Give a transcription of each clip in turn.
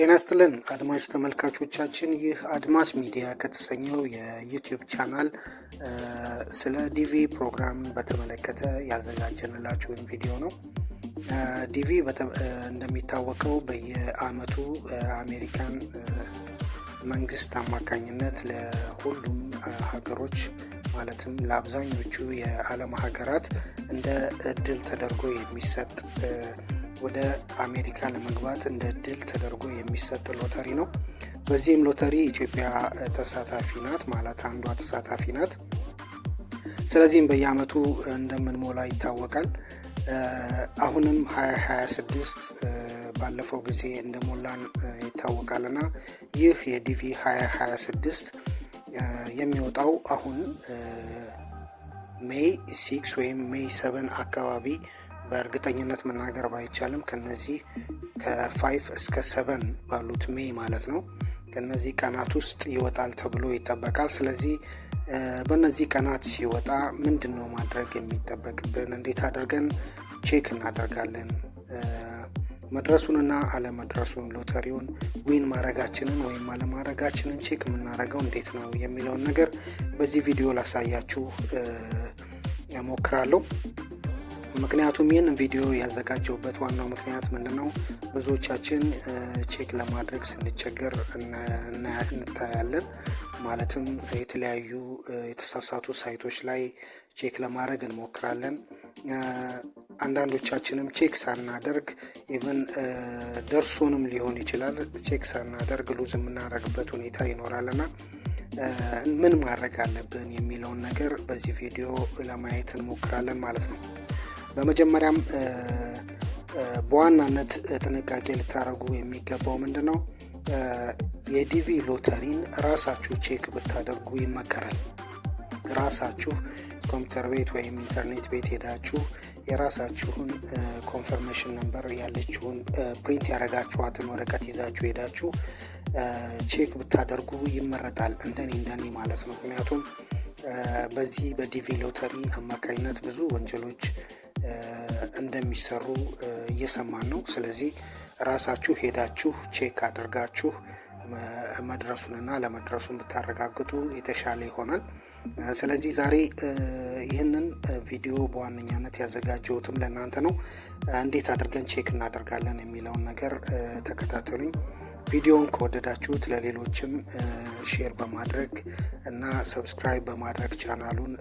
ጤና ስጥልን አድማጭ ተመልካቾቻችን፣ ይህ አድማስ ሚዲያ ከተሰኘው የዩቲዩብ ቻናል ስለ ዲቪ ፕሮግራም በተመለከተ ያዘጋጀንላችሁን ቪዲዮ ነው። ዲቪ እንደሚታወቀው በየአመቱ በአሜሪካን መንግስት አማካኝነት ለሁሉም ሀገሮች ማለትም ለአብዛኞቹ የዓለም ሀገራት እንደ እድል ተደርጎ የሚሰጥ ወደ አሜሪካ ለመግባት እንደ እድል ተደርጎ የሚሰጥ ሎተሪ ነው። በዚህም ሎተሪ ኢትዮጵያ ተሳታፊ ናት፣ ማለት አንዷ ተሳታፊ ናት። ስለዚህም በየአመቱ እንደምንሞላ ይታወቃል። አሁንም 2026 ባለፈው ጊዜ እንደሞላን ይታወቃልና ይህ የዲቪ 2026 የሚወጣው አሁን ሜይ ሲክስ ወይም ሜይ ሰቨን አካባቢ በእርግጠኝነት መናገር ባይቻልም ከነዚህ ከፋይቭ እስከ ሰቨን ባሉት ሜይ ማለት ነው ከነዚህ ቀናት ውስጥ ይወጣል ተብሎ ይጠበቃል። ስለዚህ በእነዚህ ቀናት ሲወጣ ምንድን ነው ማድረግ የሚጠበቅብን? እንዴት አድርገን ቼክ እናደርጋለን? መድረሱንና አለመድረሱን ሎተሪውን ዊን ማድረጋችንን ወይም አለማድረጋችንን ቼክ የምናደርገው እንዴት ነው የሚለውን ነገር በዚህ ቪዲዮ ላሳያችሁ እሞክራለሁ። ምክንያቱም ይህን ቪዲዮ ያዘጋጀሁበት ዋናው ምክንያት ምንድን ነው? ብዙዎቻችን ቼክ ለማድረግ ስንቸገር እንታያለን። ማለትም የተለያዩ የተሳሳቱ ሳይቶች ላይ ቼክ ለማድረግ እንሞክራለን። አንዳንዶቻችንም ቼክ ሳናደርግ ኢቨን ደርሶንም ሊሆን ይችላል ቼክ ሳናደርግ ሉዝ የምናደርግበት ሁኔታ ይኖራልና ምን ማድረግ አለብን የሚለውን ነገር በዚህ ቪዲዮ ለማየት እንሞክራለን ማለት ነው። በመጀመሪያም በዋናነት ጥንቃቄ ልታደርጉ የሚገባው ምንድን ነው? የዲቪ ሎተሪን ራሳችሁ ቼክ ብታደርጉ ይመከራል። ራሳችሁ ኮምፒውተር ቤት ወይም ኢንተርኔት ቤት ሄዳችሁ የራሳችሁን ኮንፈርሜሽን ነንበር ያለችውን ፕሪንት ያደረጋችኋትን ወረቀት ይዛችሁ ሄዳችሁ ቼክ ብታደርጉ ይመረጣል። እንደኔ እንደኔ ማለት ነው። ምክንያቱም በዚህ በዲቪ ሎተሪ አማካኝነት ብዙ ወንጀሎች እንደሚሰሩ እየሰማን ነው። ስለዚህ ራሳችሁ ሄዳችሁ ቼክ አድርጋችሁ መድረሱንና ለመድረሱን ብታረጋግጡ የተሻለ ይሆናል። ስለዚህ ዛሬ ይህንን ቪዲዮ በዋነኛነት ያዘጋጀሁትም ለእናንተ ነው። እንዴት አድርገን ቼክ እናደርጋለን የሚለውን ነገር ተከታተሉኝ። ቪዲዮውን ከወደዳችሁት ለሌሎችም ሼር በማድረግ እና ሰብስክራይብ በማድረግ ቻናሉን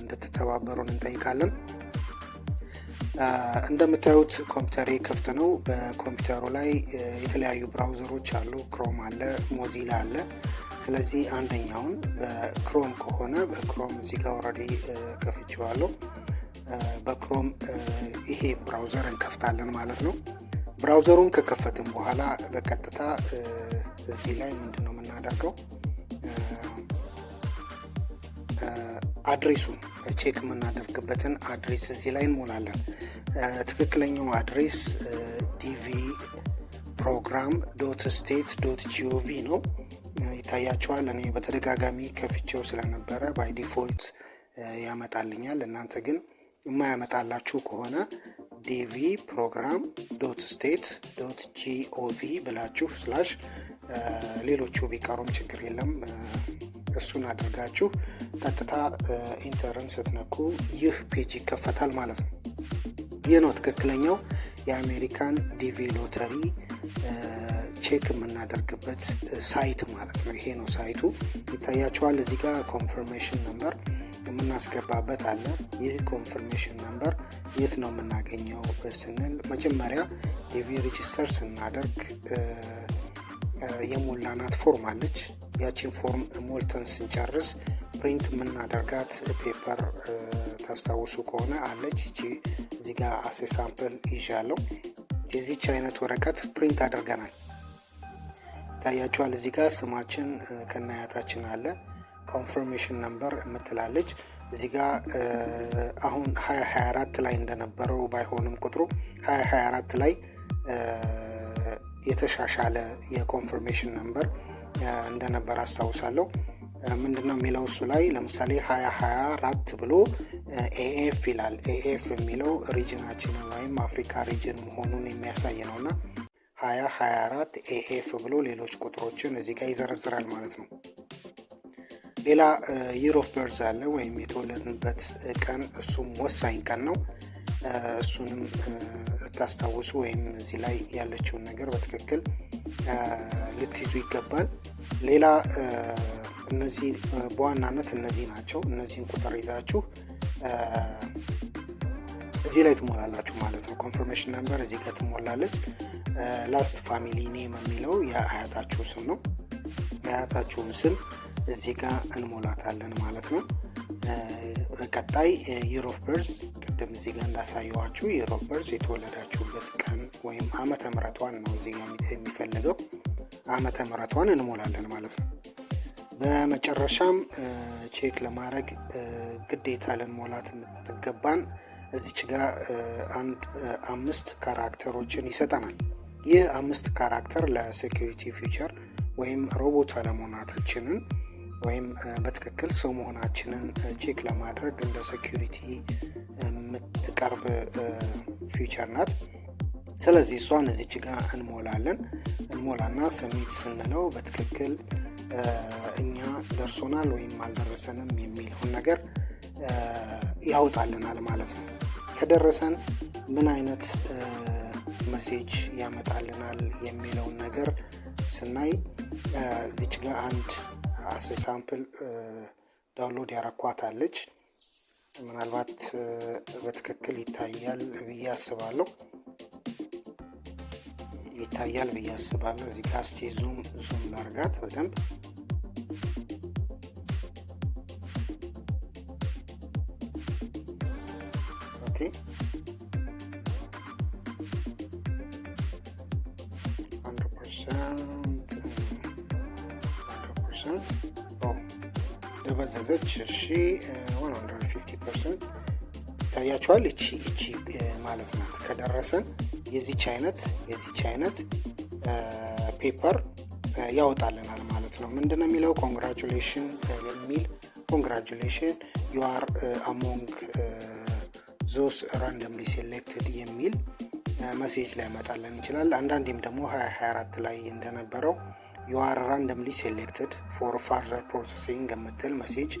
እንድትተባበሩን እንጠይቃለን። እንደምታዩት ኮምፒውተሬ ክፍት ነው። በኮምፒውተሩ ላይ የተለያዩ ብራውዘሮች አሉ። ክሮም አለ፣ ሞዚላ አለ። ስለዚህ አንደኛውን በክሮም ከሆነ በክሮም እዚህ ጋር ኦልሬዲ ከፍቼዋለሁ። በክሮም ይሄ ብራውዘር እንከፍታለን ማለት ነው። ብራውዘሩን ከከፈትን በኋላ በቀጥታ እዚህ ላይ ምንድን ነው የምናደርገው? አድሬሱን ቼክ የምናደርግበትን አድሬስ እዚህ ላይ እንሞላለን። ትክክለኛው አድሬስ ዲቪ ፕሮግራም ዶት ስቴት ዶት ጂኦቪ ነው። ይታያቸዋል። እኔ በተደጋጋሚ ከፍቼው ስለነበረ ባይ ዲፎልት ያመጣልኛል። እናንተ ግን የማያመጣላችሁ ከሆነ ዲቪ ፕሮግራም ዶት ስቴት ዶት ጂኦቪ ብላችሁ ስላሽ ሌሎቹ ቢቀሩም ችግር የለም እሱን አድርጋችሁ ቀጥታ ኢንተርን ስትነኩ ይህ ፔጅ ይከፈታል ማለት ነው። ይህ ነው ትክክለኛው የአሜሪካን ዲቪ ሎተሪ ቼክ የምናደርግበት ሳይት ማለት ነው። ይሄ ነው ሳይቱ ይታያቸዋል። እዚህ ጋር ኮንፈርሜሽን ነምበር የምናስገባበት አለ። ይህ ኮንፈርሜሽን ነምበር የት ነው የምናገኘው ስንል መጀመሪያ ዲቪ ሬጂስተር ስናደርግ የሞላናት ፎርም አለች። ያቺን ፎርም ሞልተን ስንጨርስ ፕሪንት የምናደርጋት ፔፐር ታስታውሱ ከሆነ አለች። እቺ እዚጋ አሴ ሳምፕል ይዣለው። የዚች አይነት ወረቀት ፕሪንት አድርገናል። ይታያችኋል። እዚህ ጋር ስማችን ከናያታችን አለ። ኮንፈርሜሽን ነምበር የምትላለች እዚህ ጋር አሁን 2024 ላይ እንደነበረው ባይሆንም ቁጥሩ 2024 ላይ የተሻሻለ የኮንፈርሜሽን ነምበር እንደነበር አስታውሳለሁ። ምንድን ነው የሚለው እሱ ላይ ለምሳሌ ሀያ ሀያ አራት ብሎ ኤኤፍ ይላል። ኤኤፍ የሚለው ሪጅናችንን ወይም አፍሪካ ሪጅን መሆኑን የሚያሳይ ነው እና ሀያ ሀያ አራት ኤኤፍ ብሎ ሌሎች ቁጥሮችን እዚህ ጋር ይዘረዝራል ማለት ነው። ሌላ ይር ኦፍ በርዝ አለ ወይም የተወለድንበት ቀን፣ እሱም ወሳኝ ቀን ነው። እሱንም ልታስታውሱ ወይም እዚህ ላይ ያለችውን ነገር በትክክል ልትይዙ ይገባል። ሌላ እነዚህ በዋናነት እነዚህ ናቸው። እነዚህን ቁጥር ይዛችሁ እዚህ ላይ ትሞላላችሁ ማለት ነው። ኮንፈርሜሽን ነምበር እዚህ ጋር ትሞላለች። ላስት ፋሚሊ ኔም የሚለው የአያታችሁ ስም ነው። የአያታችሁን ስም እዚህ ጋር እንሞላታለን ማለት ነው። በቀጣይ የሮፍ በርዝ ቅድም እዚህ ጋር እንዳሳየኋችሁ የሮፍ በርዝ የተወለዳችሁበት ቀን ወይም ዓመተ ምሕረቷን ነው እዚህ የሚፈልገው። ዓመተ ምሕረቷን እንሞላለን ማለት ነው። በመጨረሻም ቼክ ለማድረግ ግዴታ ልንሞላት የምትገባን እዚች ጋ አንድ አምስት ካራክተሮችን ይሰጠናል። ይህ አምስት ካራክተር ለሴኪሪቲ ፊቸር ወይም ሮቦት አለመሆናታችንን ወይም በትክክል ሰው መሆናችንን ቼክ ለማድረግ እንደ ሴኪሪቲ የምትቀርብ ፊቸር ናት። ስለዚህ እሷን እዚች ጋር እንሞላለን። እንሞላና ሰሚት ስንለው በትክክል እኛ ደርሶናል ወይም አልደረሰንም የሚለውን ነገር ያወጣልናል ማለት ነው። ከደረሰን ምን አይነት መሴጅ ያመጣልናል የሚለውን ነገር ስናይ እዚች ጋር አንድ አስ ሳምፕል ዳውንሎድ ያረኳታለች ምናልባት በትክክል ይታያል ብዬ አስባለሁ። ይታያል ብዬ አስባለሁ። እዚህ ጋር እስቲ ዙም ዙም ላርጋት በደንብ ኦኬ። ደበዘዘች። እሺ ይታያቸዋል። እቺ እቺ ማለት ናት ከደረሰን የዚች አይነት የዚች አይነት ፔፐር ያወጣልናል ማለት ነው። ምንድነው የሚለው ኮንግራቹሌሽን የሚል ኮንግራቹሌሽን ዩ አር አሞንግ ዞስ ራንደምሊ ሴሌክትድ የሚል መሴጅ ላይ ያመጣለን ይችላል። አንዳንዴም ደግሞ 24 ላይ እንደነበረው ዩ አር ራንደምሊ ሴሌክትድ ፎር ፋርዘር ፕሮሰሲንግ የምትል መሴጅ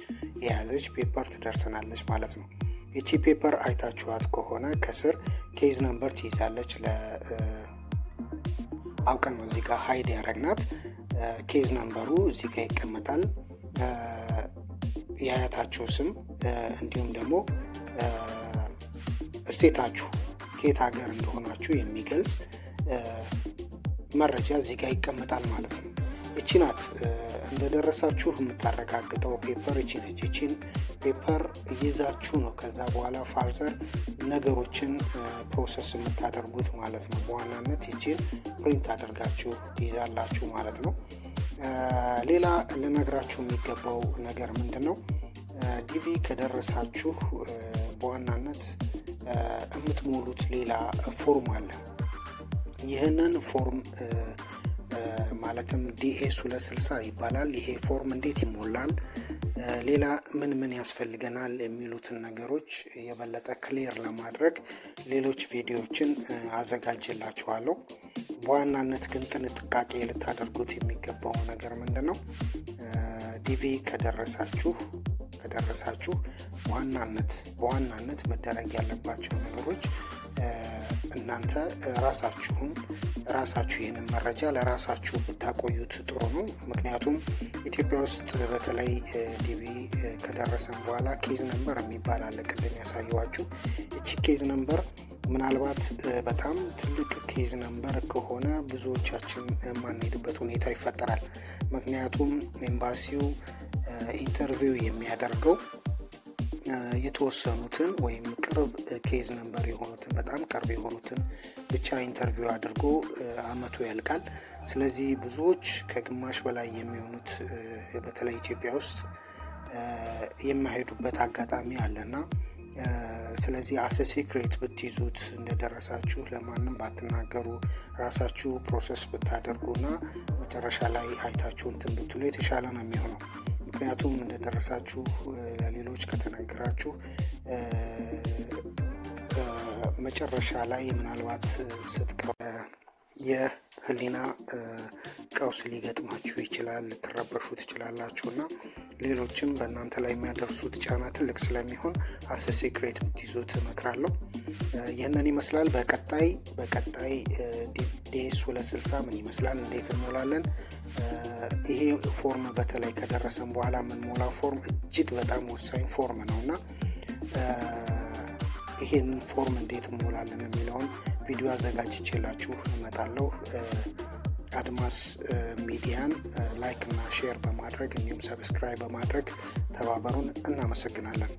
የያዘች ፔፐር ትደርሰናለች ማለት ነው። ይቺ ፔፐር አይታችኋት ከሆነ ከስር ኬዝ ነምበር ትይዛለች። አውቀን ነው እዚህ ጋር ሀይድ ያረግናት። ኬዝ ነምበሩ እዚጋ ይቀመጣል። የአያታችሁ ስም እንዲሁም ደግሞ እስቴታችሁ ከየት ሀገር እንደሆናችሁ የሚገልጽ መረጃ እዚጋ ይቀመጣል ማለት ነው። እቺ ናት እንደደረሳችሁ የምታረጋግጠው ፔፐር እቺ ነች። እቺን ፔፐር ይዛችሁ ነው ከዛ በኋላ ፋርዘር ነገሮችን ፕሮሰስ የምታደርጉት ማለት ነው። በዋናነት ይችን ፕሪንት አድርጋችሁ ትይዛላችሁ ማለት ነው። ሌላ ልነግራችሁ የሚገባው ነገር ምንድን ነው? ዲቪ ከደረሳችሁ በዋናነት የምትሞሉት ሌላ ፎርም አለ። ይህንን ፎርም ማለትም ዲኤስ 260 ይባላል። ይሄ ፎርም እንዴት ይሞላል? ሌላ ምን ምን ያስፈልገናል የሚሉትን ነገሮች የበለጠ ክሊር ለማድረግ ሌሎች ቪዲዮዎችን አዘጋጅላችኋለሁ። በዋናነት ግን ጥንቃቄ ልታደርጉት የሚገባው ነገር ምንድን ነው? ዲቪ ከደረሳችሁ ከደረሳችሁ ዋናነት በዋናነት መደረግ ያለባቸው ነገሮች እናንተ ራሳችሁን ራሳችሁ ይህንን መረጃ ለራሳችሁ ብታቆዩት ጥሩ ነው። ምክንያቱም ኢትዮጵያ ውስጥ በተለይ ዲቪ ከደረሰን በኋላ ኬዝ ነንበር የሚባል አለ። ቅድም ያሳየዋችሁ እቺ ኬዝ ነንበር ምናልባት በጣም ትልቅ ኬዝ ነንበር ከሆነ ብዙዎቻችን የማንሄድበት ሁኔታ ይፈጠራል። ምክንያቱም ኤምባሲው ኢንተርቪው የሚያደርገው የተወሰኑትን ወይም ቅርብ ኬዝ መንበር የሆኑትን በጣም ቅርብ የሆኑትን ብቻ ኢንተርቪው አድርጎ አመቱ ያልቃል። ስለዚህ ብዙዎች ከግማሽ በላይ የሚሆኑት በተለይ ኢትዮጵያ ውስጥ የማይሄዱበት አጋጣሚ አለና ስለዚህ አሰ ሴክሬት ብትይዙት እንደደረሳችሁ ለማንም ባትናገሩ ራሳችሁ ፕሮሰስ ብታደርጉና መጨረሻ ላይ አይታችሁ እንትን ብትሉ የተሻለ ነው የሚሆነው። ምክንያቱም እንደደረሳችሁ ለሌሎች ከተነገራችሁ መጨረሻ ላይ ምናልባት ስትቀር የህሊና ቀውስ ሊገጥማችሁ ይችላል። ልትረበሹ ትችላላችሁ እና ሌሎችም በእናንተ ላይ የሚያደርሱት ጫና ትልቅ ስለሚሆን አስ ሴክሬት ብትይዙት እመክራለሁ። ይህንን ይመስላል። በቀጣይ በቀጣይ ዴስ ሁለት ስልሳ ምን ይመስላል፣ እንዴት እንሞላለን ይሄ ፎርም በተለይ ከደረሰን በኋላ የምንሞላው ፎርም እጅግ በጣም ወሳኝ ፎርም ነው እና ይሄንን ፎርም እንዴት እንሞላለን የሚለውን ቪዲዮ አዘጋጅቼላችሁ እመጣለሁ። አድማስ ሚዲያን ላይክ እና ሼር በማድረግ እንዲሁም ሰብስክራይብ በማድረግ ተባበሩን። እናመሰግናለን።